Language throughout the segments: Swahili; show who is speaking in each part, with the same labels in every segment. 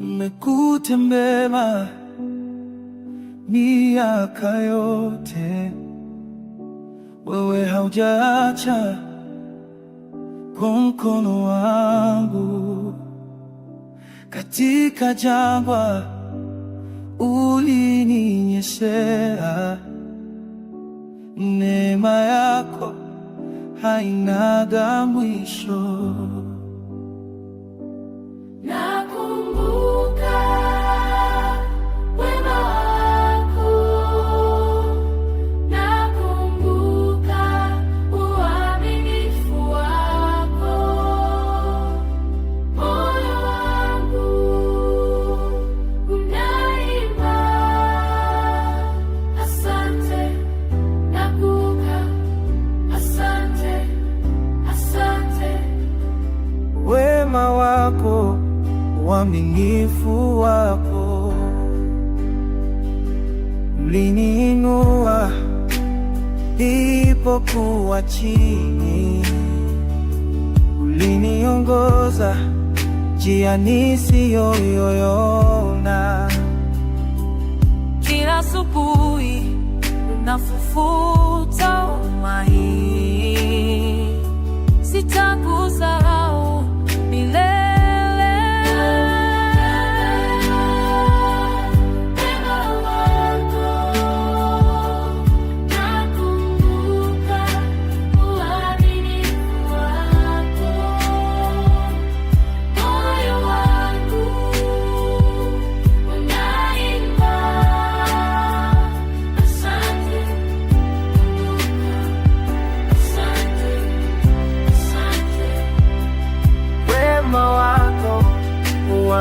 Speaker 1: mmekutembea miaka yote, wewe haujaacha kwa mkono wangu katika jangwa ulininyeshea neema yako hainaga mwisho. wako, uaminifu wako. Uliniinua nilipokuwa chini, uliniongoza njia nisiyoiona.
Speaker 2: Kila asubuhi unafufuta sita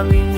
Speaker 1: running